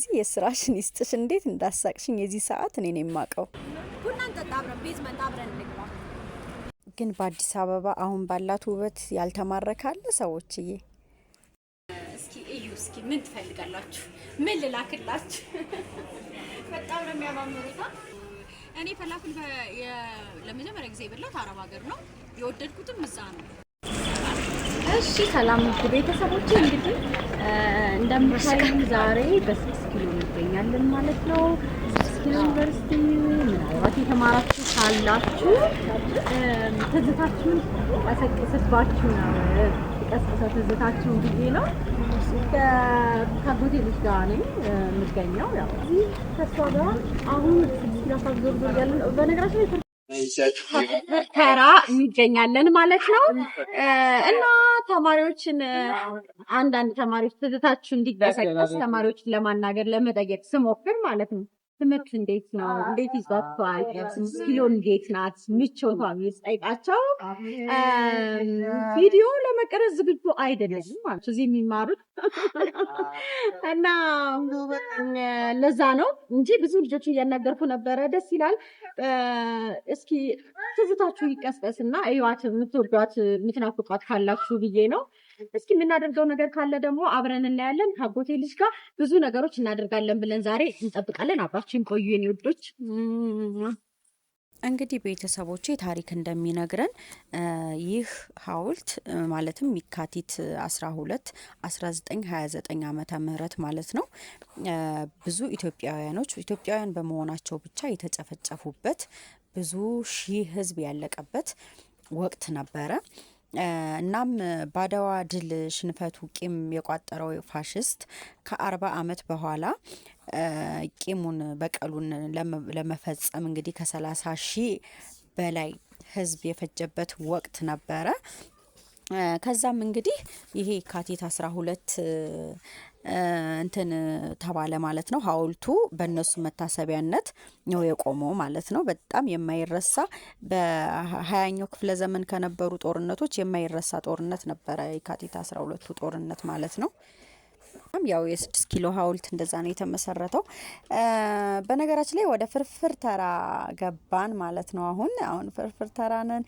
ስለዚህ የስራሽን ይስጥሽ። እንዴት እንዳሳቅሽኝ የዚህ ሰዓት እኔ ነው የማውቀው። ግን በአዲስ አበባ አሁን ባላት ውበት ያልተማረካለ ሰዎችዬ እስኪ ምን ትፈልጋላችሁ? ምን ልላክላችሁ? በጣም ነው የሚያማምሩት። እኔ ፈላፍል ለመጀመሪያ ጊዜ የበላት አረብ ሀገር ነው። የወደድኩትም እዛ ነው። እሺ ሰላም ቤተሰቦች፣ እንግዲህ እንደምታዩት ዛሬ በስድስት ኪሎ እንገኛለን ማለት ነው። ስድስት ኪሎ ዩኒቨርሲቲ ምናልባት የተማራችሁ ካላችሁ ትዝታችሁን ቀሰቅስባችሁ ነው ቀስቀሰ ትዝታችሁን ጊዜ ነው። ከአጎቴ ልጅ ጋር ነኝ የምገኘው ያው ከእሷ ጋር አሁን ስድስት ኪሎ ያለን በነገራችን ተራ እንገኛለን ማለት ነው። እና ተማሪዎችን አንዳንድ ተማሪዎች ትዝታችሁ እንዲቀሰቀስ ተማሪዎችን ለማናገር ለመጠየቅ ስሞክር ማለት ነው ትምህርት እንዴት ነው? እንዴት ይዟቸዋል? ኪሎ እንዴት ናት? ምቾቷ የሚጠይቃቸው ቪዲዮ ለመቀረጽ ዝግጁ አይደለም ማለት እዚህ የሚማሩት እና ለዛ ነው እንጂ ብዙ ልጆች እያናገርኩ ነበረ። ደስ ይላል። እስኪ ትዝታችሁ ይቀስቀስና እዩዋት፣ የምትወዷት የምትናፍቋት ካላችሁ ብዬ ነው። እስኪ የምናደርገው ነገር ካለ ደግሞ አብረን እናያለን። ከአጎቴ ልጅ ጋር ብዙ ነገሮች እናደርጋለን ብለን ዛሬ እንጠብቃለን። አብራችን ቆዩ የኔ ውዶች። እንግዲህ ቤተሰቦቼ ታሪክ እንደሚነግረን ይህ ሐውልት ማለትም የካቲት 12 1929 ዓመተ ምህረት ማለት ነው ብዙ ኢትዮጵያውያኖች ኢትዮጵያውያን በመሆናቸው ብቻ የተጨፈጨፉበት ብዙ ሺህ ሕዝብ ያለቀበት ወቅት ነበረ። እናም ባደዋ ድል ሽንፈቱ ቂም የቋጠረው ፋሽስት ከአርባ ዓመት በኋላ ቂሙን በቀሉን ለመፈጸም እንግዲህ ከሰላሳ ሺህ በላይ ህዝብ የፈጀበት ወቅት ነበረ። ከዛም እንግዲህ ይሄ ካቴት አስራ ሁለት እንትን ተባለ ማለት ነው። ሀውልቱ በእነሱ መታሰቢያነት ነው የቆመው ማለት ነው። በጣም የማይረሳ በሀያኛው ክፍለ ዘመን ከነበሩ ጦርነቶች የማይረሳ ጦርነት ነበረ የካቲት አስራ ሁለቱ ጦርነት ማለት ነው። ያው የስድስት ኪሎ ሀውልት እንደዛ ነው የተመሰረተው። በነገራችን ላይ ወደ ፍርፍር ተራ ገባን ማለት ነው። አሁን አሁን ፍርፍር ተራ ነን።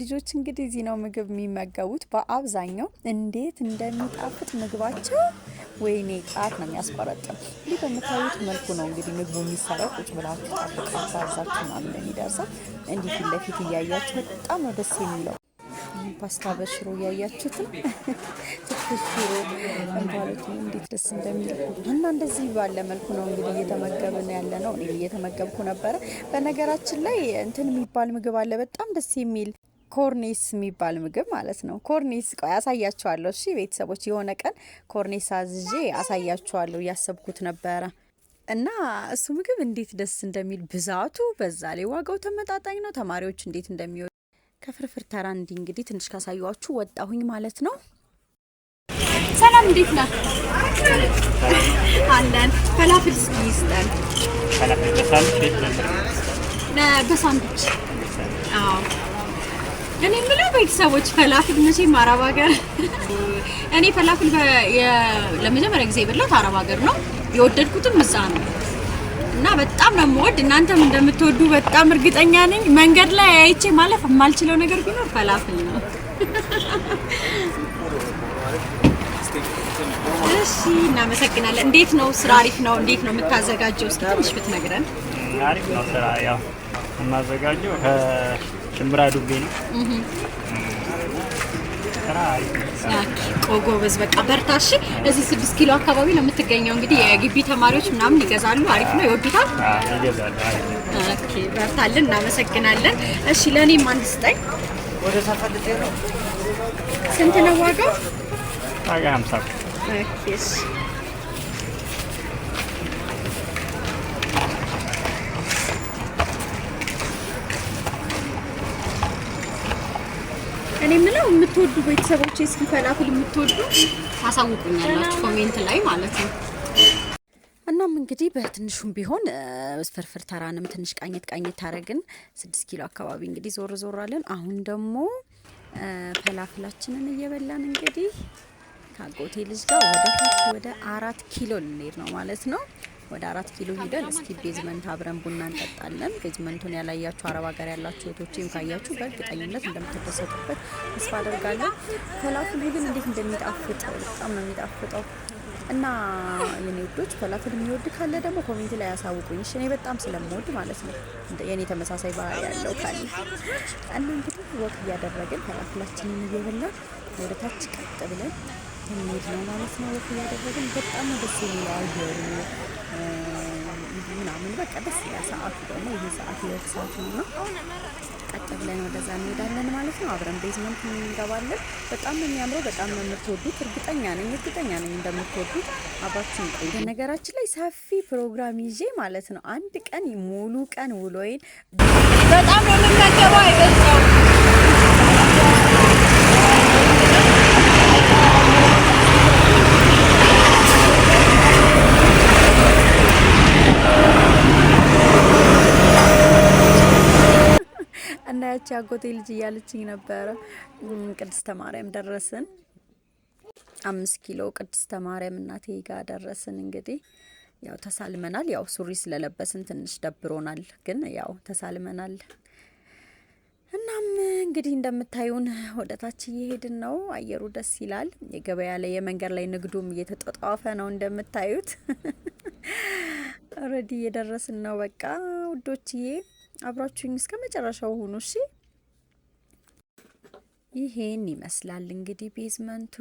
ልጆች እንግዲህ እዚህ ነው ምግብ የሚመገቡት በአብዛኛው። እንዴት እንደሚጣፍጥ ምግባቸው ወይኔ ጣት ነው የሚያስቆረጥም። እንዲህ በምታዩት መልኩ ነው እንግዲህ ምግቡ የሚሰራው። ቁጭ ብላችሁ ጣፍቃ ሳዛችሁ ምናምን የሚደርሰው እንዲህ ፊት ለፊት እያያችሁ በጣም ነው ደስ የሚለው። አሁን ፓስታ በሽሮ እያያችሁትም ትኩስ ሽሮ እንባሉት እንዴት ደስ እንደሚል እና እንደዚህ ባለ መልኩ ነው እንግዲህ እየተመገብን ያለ ነው። እኔ እየተመገብኩ ነበረ። በነገራችን ላይ እንትን የሚባል ምግብ አለ በጣም ደስ የሚል ኮርኔስ የሚባል ምግብ ማለት ነው። ኮርኔስ ቆይ አሳያችኋለሁ። እሺ ቤተሰቦች፣ የሆነ ቀን ኮርኔስ አዝዤ አሳያችኋለሁ። እያሰብኩት ነበረ እና እሱ ምግብ እንዴት ደስ እንደሚል ብዛቱ፣ በዛ ላይ ዋጋው ተመጣጣኝ ነው። ተማሪዎች እንዴት እንደሚወ ከፍርፍር ተራ እንዲህ እንግዲህ ትንሽ ካሳየኋችሁ ወጣሁኝ ማለት ነው። ሰላም፣ እንዴት ነህ? አለን ፈላፍል ይስጠን። ፈላፍል በሳንዱች አዎ። እኔ የምለው ቤተሰቦች ፈላፍል መቼም አረብ ሀገር እኔ ፈላፍል ለመጀመሪያ ጊዜ የበላሁት አረብ ሀገር ነው። የወደድኩትም እዛ ነው። እና በጣም ነው የምወድ። እናንተም እንደምትወዱ በጣም እርግጠኛ ነኝ። መንገድ ላይ አይቼ ማለፍ የማልችለው ነገር ቢኖር ፈላፍል ነው። እሺ፣ እናመሰግናለን። እንዴት ነው ስራ? አሪፍ ነው። እንዴት ነው የምታዘጋጀው? እስኪ ትንሽ ብትነግረን። አሪፍ ነው ስራ። ያው የማዘጋጀው ከሽምብራ ዱቤ ነው ጎበዝ በቃ በርታ እሺ እዚህ ስድስት ኪሎ አካባቢ ነው የምትገኘው። እንግዲህ የግቢ ተማሪዎች ምናምን ይገዛሉ። አሪፍ ነው፣ ይወዱታል። ኦኬ፣ በርታልን። እናመሰግናለን። እሺ፣ ለእኔም አንድ ስጠኝ። ስንት ነው ዋጋው? እኔ የምለው የምትወዱ ቤተሰቦች እስኪ ፈላፍል የምትወዱ ታሳውቁኛላችሁ ኮሜንት ላይ ማለት ነው። እናም እንግዲህ በትንሹም ቢሆን ፍርፍር ተራንም ትንሽ ቃኘት ቃኘት ታደረግን ስድስት ኪሎ አካባቢ እንግዲህ ዞር ዞር አለን። አሁን ደግሞ ፈላፍላችንን እየበላን እንግዲህ ከአጎቴ ልጅ ጋር ወደ ታች ወደ አራት ኪሎ ልንሄድ ነው ማለት ነው። ወደ አራት ኪሎ ሂደን እስኪ ቤዝመንት አብረን ቡና እንጠጣለን። ቤዝመንቱን ያላያችሁ አረብ ሀገር ያላችሁ እህቶቼም ካያችሁ በእርግጠኝነት እንደምትደሰቱበት ተስፋ አደርጋለሁ። ኮላፍሉ ግን እንዴት እንደሚጣፍጥ በጣም ነው የሚጣፍጠው እና የኔ ውዶች ኮላፍል የሚወድ ካለ ደግሞ ኮሚኒቲ ላይ ያሳውቁኝ። እሺ እኔ በጣም ስለምወድ ማለት ነው የእኔ ተመሳሳይ ባህሪ ያለው ካለ እና እንግዲህ ወቅ እያደረግን ኮላፍላችንን እየበላን ወደ ታች ቀጥ ብለን የሚሄድ ነው ማለት ነው። ወቅ እያደረግን በጣም ደስ የሚለው አየሩ ምናምን በቃ ደስ ያ ሰዓቱ ደግሞ ይህ ሰዓት የወቅ ሰዓት ነው ነው ቀጥ ብለን ወደዛ እንሄዳለን ማለት ነው። አብረን ቤዝመንት እንገባለን። በጣም ነው የሚያምረው። በጣም ነው የምትወዱት። እርግጠኛ ነኝ እርግጠኛ ነኝ እንደምትወዱት አባችን ቆይ። በነገራችን ላይ ሰፊ ፕሮግራም ይዤ ማለት ነው አንድ ቀን ሙሉ ቀን ውሎዬን በጣም ነው የምናገባው አይደል? ያቺ አጎቴ ልጅ እያለችኝ ነበረ። ቅድስተ ማርያም ደረስን። አምስት ኪሎ ቅድስተ ማርያም እናቴ ጋር ደረስን። እንግዲህ ያው ተሳልመናል። ያው ሱሪ ስለለበስን ትንሽ ደብሮናል፣ ግን ያው ተሳልመናል። እናም እንግዲህ እንደምታዩን ወደታች እየሄድን ነው። አየሩ ደስ ይላል። የገበያ ላይ የመንገድ ላይ ንግዱም እየተጧጧፈ ነው እንደምታዩት። ኦልሬዲ እየደረስን ነው። በቃ ውዶችዬ አብራችሁኝ እስከ መጨረሻው ሁኑ እሺ። ይሄን ይመስላል እንግዲህ ቤዝመንቱ።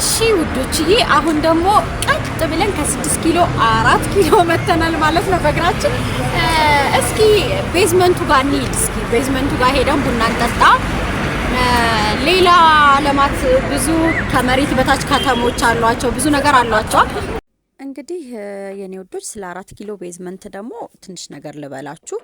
እሺ ውዶችዬ፣ አሁን ደግሞ ቀጥ ብለን ከስድስት ኪሎ አራት ኪሎ መተናል ማለት ነው በእግራችን። እስኪ ቤዝመንቱ ጋር እንሂድ። እስኪ ቤዝመንቱ ጋር ሄደን ቡና እንጠጣ። ሌላ ልማት ብዙ ከመሬት በታች ከተሞች አሏቸው፣ ብዙ ነገር አሏቸዋል። እንግዲህ የኔ ወዶች ስለ አራት ኪሎ ቤዝመንት ደግሞ ትንሽ ነገር ልበላችሁ።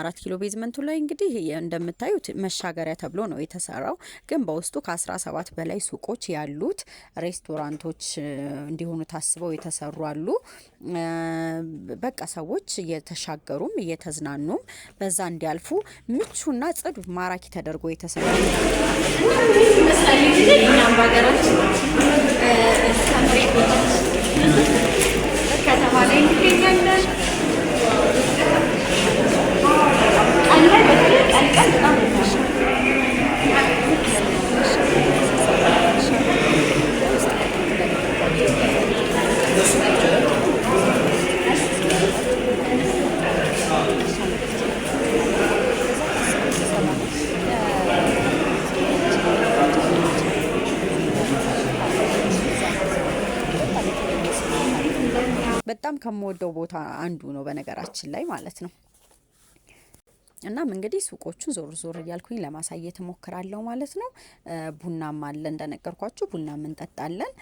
አራት ኪሎ ቤዝመንቱ ላይ እንግዲህ እንደምታዩት መሻገሪያ ተብሎ ነው የተሰራው፣ ግን በውስጡ ከ17 በላይ ሱቆች ያሉት ሬስቶራንቶች እንዲሆኑ ታስበው የተሰሩ አሉ። በቃ ሰዎች እየተሻገሩም እየተዝናኑም በዛ እንዲያልፉ ምቹና ጽዱ ማራኪ ተደርጎ የተሰራ ይመስላል። ከተማ ላይ እንገኛለን። ከምወደው ቦታ አንዱ ነው በነገራችን ላይ ማለት ነው። እናም እንግዲህ ሱቆቹን ዞር ዞር እያልኩኝ ለማሳየት እሞክራለሁ ማለት ነው። ቡናም አለ እንደነገርኳችሁ፣ ቡናም እንጠጣለን።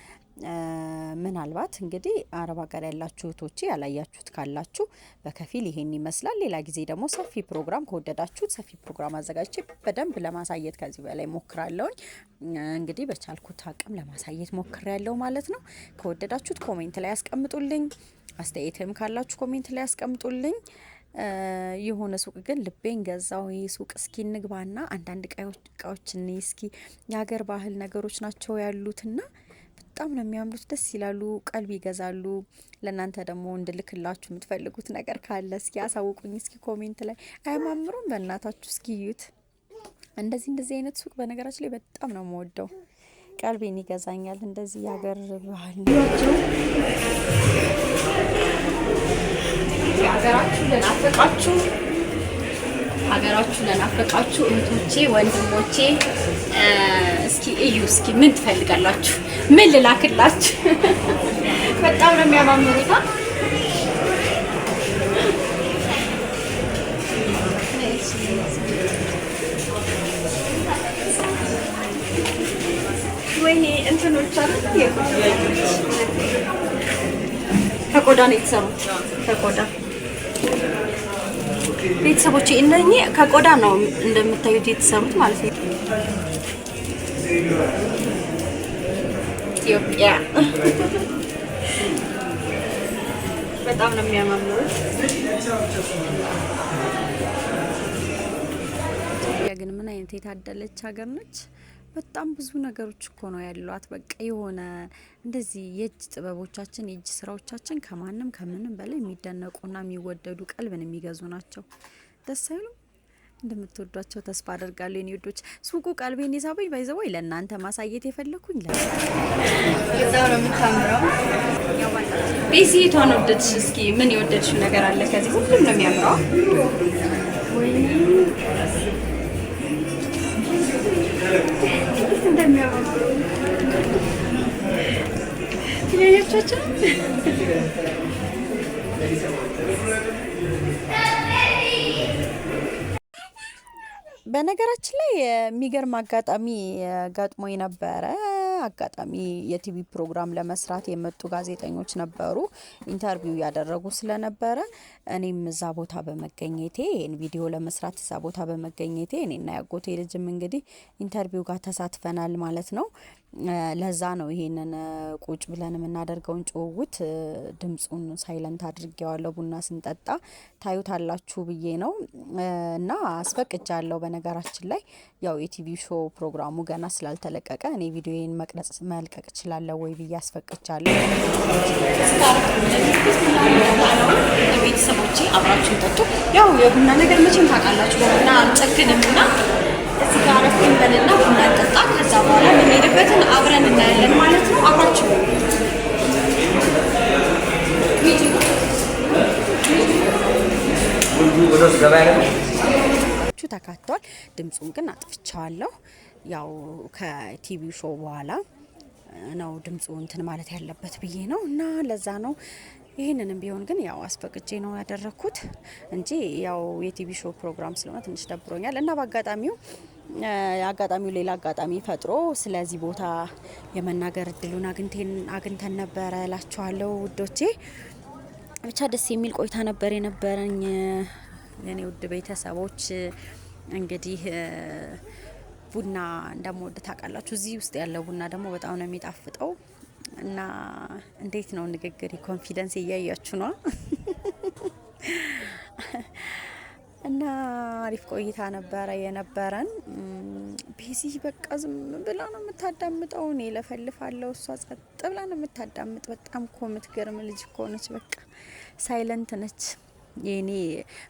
ምናልባት እንግዲህ አረብ ሀገር ያላችሁ እህቶቼ ያላያችሁት ካላችሁ በከፊል ይሄን ይመስላል። ሌላ ጊዜ ደግሞ ሰፊ ፕሮግራም ከወደዳችሁት ሰፊ ፕሮግራም አዘጋጅቼ በደንብ ለማሳየት ከዚህ በላይ ሞክራለሁኝ። እንግዲህ በቻልኩት አቅም ለማሳየት ሞክሬያለሁ ማለት ነው። ከወደዳችሁት ኮሜንት ላይ ያስቀምጡልኝ። አስተያየትም ካላችሁ ኮሜንት ላይ ያስቀምጡልኝ። የሆነ ሱቅ ግን ልቤን ገዛው። ይህ ሱቅ እስኪ እንግባና አንዳንድ እቃዎች እኔ እስኪ የሀገር ባህል ነገሮች ናቸው ያሉትና በጣም ነው የሚያምሩት፣ ደስ ይላሉ፣ ቀልብ ይገዛሉ። ለእናንተ ደግሞ እንድልክላችሁ የምትፈልጉት ነገር ካለ እስኪ አሳውቁኝ። እስኪ ኮሜንት ላይ አያማምሩም? በእናታችሁ እስኪ እዩት። እንደዚህ እንደዚህ አይነት ሱቅ በነገራችን ላይ በጣም ነው የምወደው፣ ቀልቤን ይገዛኛል። እንደዚህ የሀገር ባህል ሀገራችሁ ለናፈቃችሁ ሀገራችሁ ለናፈቃችሁ እህቶቼ ወንድሞቼ፣ እስኪ እዩ፣ እስኪ ምን ትፈልጋላችሁ? ምን ልላክላችሁ? በጣም ነው የሚያማምሩታ። ወይኔ እንትኖች አሉ ከቆዳ ነው የተሰሩት ከቆዳ ቤተሰቦች እነኚህ ከቆዳ ነው እንደምታዩት የተሰሩት ማለት ነው። ኢትዮጵያ በጣም ነው የሚያማምሩት። ግን ምን አይነት የታደለች ሀገር ነች። በጣም ብዙ ነገሮች እኮ ነው ያሏት። በቃ የሆነ እንደዚህ የእጅ ጥበቦቻችን የእጅ ስራዎቻችን ከማንም ከምንም በላይ የሚደነቁና የሚወደዱ ቀልብን የሚገዙ ናቸው። ደስ አይሉም? እንደምትወዷቸው ተስፋ አደርጋለሁ የኔ ውዶች። ሱቁ ቀልቤን የሳበኝ ባይዘወይ ለእናንተ ማሳየት የፈለግኩኝ ቤዚ የቷን ወደድሽ? እስኪ ምን የወደድሽ ነገር አለ? ከዚህ ሁሉም ነው የሚያምረው። ልጆቻችን በነገራችን ላይ የሚገርም አጋጣሚ ገጥሞ ነበረ። አጋጣሚ የቲቪ ፕሮግራም ለመስራት የመጡ ጋዜጠኞች ነበሩ። ኢንተርቪው ያደረጉ ስለነበረ እኔም እዛ ቦታ በመገኘቴ ይህን ቪዲዮ ለመስራት እዛ ቦታ በመገኘቴ እኔና ያጎቴ ልጅም እንግዲህ ኢንተርቪው ጋር ተሳትፈናል ማለት ነው። ለዛ ነው ይሄንን ቁጭ ብለን የምናደርገውን ጭውውት ድምፁን ሳይለንት አድርጌዋለሁ። ቡና ስንጠጣ ታዩታላችሁ ብዬ ነው እና አስፈቅጃለሁ። በነገራችን ላይ ያው የቲቪ ሾው ፕሮግራሙ ገና ስላልተለቀቀ እኔ ቪዲዮን መቅረጽ መልቀቅ እችላለሁ ወይ ብዬ አስፈቅጃለሁ። ቤተሰቦቼ አብራችሁ ጠጡ። ያው የቡና ነገር መቼም ታውቃላችሁ፣ በቡና አንጨክንምና እዚህ ጋር አረፍ ቡና እንጠጣ። ከዛ በኋላ የምንሄድበትን አብረን እናያለን ማለት ነው። አብራችሁ ተካቷል። ድምፁን ግን አጥፍቻዋለሁ። ያው ከቲቪ ሾው በኋላ ነው ድምፁ እንትን ማለት ያለበት ብዬ ነው እና ለዛ ነው ይህንንም ቢሆን ግን ያው አስፈቅጄ ነው ያደረግኩት እንጂ ያው የቲቪ ሾው ፕሮግራም ስለሆነ ትንሽ ደብሮኛል እና በአጋጣሚው አጋጣሚው ሌላ አጋጣሚ ፈጥሮ ስለዚህ ቦታ የመናገር እድሉን አግኝተን ነበረ እላችኋለሁ ውዶቼ። ብቻ ደስ የሚል ቆይታ ነበር የነበረኝ የኔ ውድ ቤተሰቦች። እንግዲህ ቡና እንደምወድ ታውቃላችሁ። እዚህ ውስጥ ያለው ቡና ደግሞ በጣም ነው የሚጣፍጠው። እና እንዴት ነው ንግግር ኮንፊደንስ እያያችሁ ነው። እና አሪፍ ቆይታ ነበረ የነበረን። ቤዚ በቃ ዝም ብላ ነው የምታዳምጠው። እኔ ለፈልፋለው፣ እሷ ጸጥ ብላ ነው የምታዳምጥ። በጣም ኮ ምትገርም ልጅ ኮነች። በቃ ሳይለንት ነች። የኔ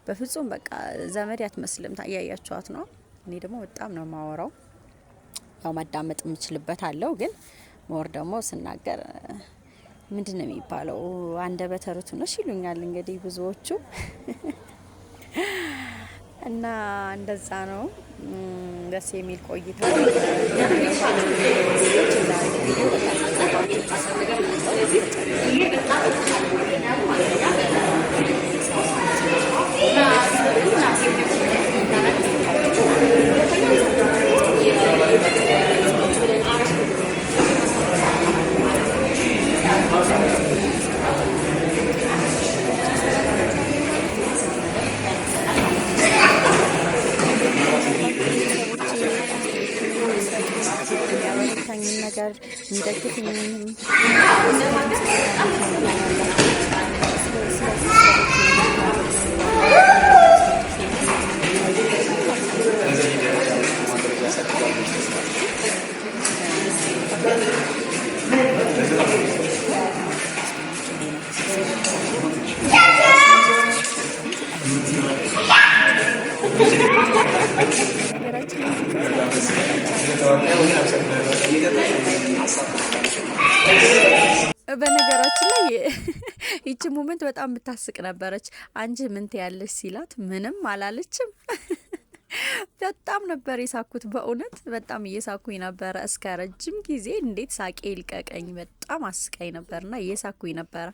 በፍጹም በቃ ዘመድ ያትመስልም። ታያያችኋት ነው። እኔ ደግሞ በጣም ነው ማወራው። ያው ማዳመጥ የምችልበት አለው ግን ሞር ደግሞ ስናገር ምንድን ነው የሚባለው አንደበተ ርቱዕ ነሽ ይሉኛል እንግዲህ ብዙዎቹ እና እንደዛ ነው። ደስ የሚል ቆይታ আর মিটারকে በነገራችን ላይ ይቺ ሙመንት በጣም የምታስቅ ነበረች። አንቺ ምን ትያለሽ ሲላት ምንም አላለችም። በጣም ነበር የሳኩት። በእውነት በጣም እየሳኩኝ ነበረ እስከ ረጅም ጊዜ እንዴት ሳቄ ይልቀቀኝ። በጣም አስቃኝ ነበርና እየሳኩኝ ነበረ።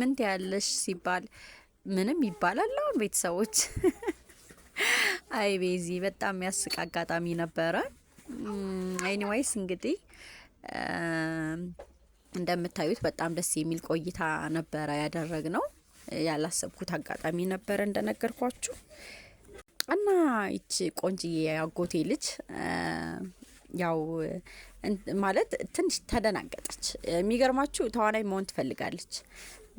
ምን ትያለሽ ሲባል ምንም ይባላል። አሁን ቤተሰቦች አይ ቤዚ በጣም ያስቅ አጋጣሚ ነበረ። ኤኒዌይስ እንግዲህ እንደምታዩት በጣም ደስ የሚል ቆይታ ነበረ ያደረግ ነው። ያላሰብኩት አጋጣሚ ነበረ እንደነገርኳችሁ እና ይች ቆንጅዬ ያጎቴ ልጅ ያው ማለት ትንሽ ተደናገጠች። የሚገርማችሁ ተዋናይ መሆን ትፈልጋለች።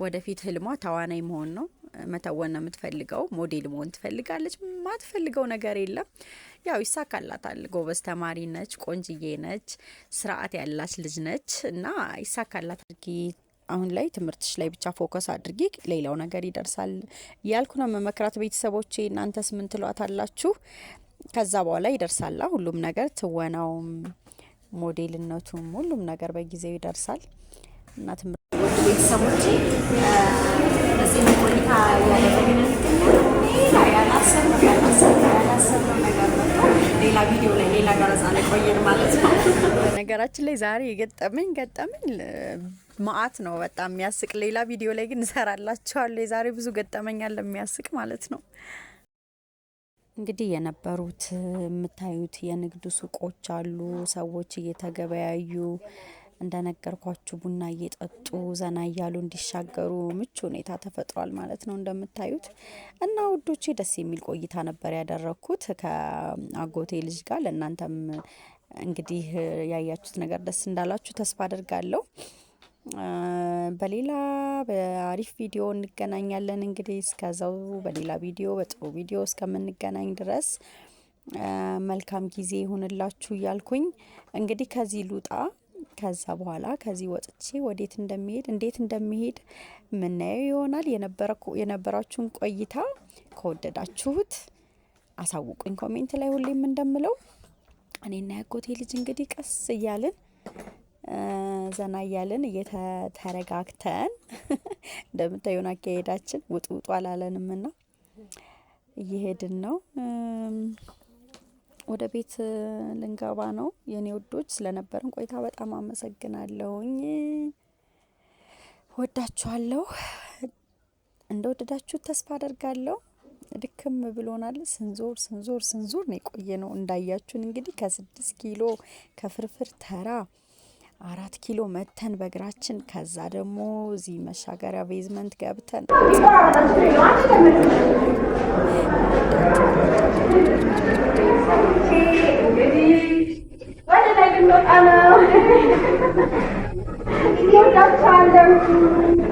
ወደፊት ህልሟ ተዋናይ መሆን ነው። መተወን ነው የምትፈልገው። ሞዴል መሆን ትፈልጋለች። ማትፈልገው ነገር የለም። ያው ይሳካላታል። ጎበዝ ተማሪ ነች፣ ቆንጅዬ ነች፣ ስርዓት ያላች ልጅ ነች እና ይሳካላታል። አሁን ላይ ትምህርትሽ ላይ ብቻ ፎከስ አድርጊ፣ ሌላው ነገር ይደርሳል እያልኩ ነው መመክራት። ቤተሰቦቼ እናንተስ ምን ትሏት አላችሁ? ከዛ በኋላ ይደርሳላ ሁሉም ነገር ትወናውም፣ ሞዴልነቱም ሁሉም ነገር በጊዜው ይደርሳል እና በዚህ ቆይታ ያደረግን ሌላ ቪዲዮ ላይ ሌላ ላይ ቆየን ማለት ነው። ነገራችን ላይ ዛሬ የገጠመኝ ገጠመኝ ማአት ነው፣ በጣም የሚያስቅ ሌላ ቪዲዮ ላይ ግን እሰራላችኋለሁ። የዛሬ ብዙ ገጠመኝ ለሚያስቅ የሚያስቅ ማለት ነው። እንግዲህ የነበሩት የምታዩት የንግድ ሱቆች አሉ፣ ሰዎች እየተገበያዩ እንደነገርኳችሁ ቡና እየጠጡ ዘና እያሉ እንዲሻገሩ ምቹ ሁኔታ ተፈጥሯል ማለት ነው እንደምታዩት። እና ውዶቼ ደስ የሚል ቆይታ ነበር ያደረግኩት ከአጎቴ ልጅ ጋር። ለእናንተም እንግዲህ ያያችሁት ነገር ደስ እንዳላችሁ ተስፋ አድርጋለሁ። በሌላ በአሪፍ ቪዲዮ እንገናኛለን። እንግዲህ እስከዛው በሌላ ቪዲዮ በጥሩ ቪዲዮ እስከምንገናኝ ድረስ መልካም ጊዜ ይሁንላችሁ እያልኩኝ እንግዲህ ከዚህ ሉጣ ከዛ በኋላ ከዚህ ወጥቼ ወዴት እንደሚሄድ እንዴት እንደሚሄድ ምናየው ይሆናል። የነበራችሁን ቆይታ ከወደዳችሁት አሳውቁኝ። ኮሜንት ላይ ሁሌም እንደምለው እኔና ያጎቴ ልጅ እንግዲህ ቀስ እያልን ዘና እያልን እየተረጋግተን እንደምታዩን አካሄዳችን ውጡ ውጡ አላለንም ና እየሄድን ነው። ወደ ቤት ልንገባ ነው የኔ ውዶች። ስለነበረን ቆይታ በጣም አመሰግናለሁኝ። ወዳችኋለሁ። እንደወደዳችሁ ተስፋ አደርጋለሁ። ድክም ብሎናል። ስንዞር ስንዞር ስንዞር ነው የቆየ ነው። እንዳያችሁን እንግዲህ ከስድስት ኪሎ ከፍርፍር ተራ አራት ኪሎ መተን በእግራችን ከዛ ደግሞ እዚህ መሻገሪያ ቤዝመንት ገብተን ወደ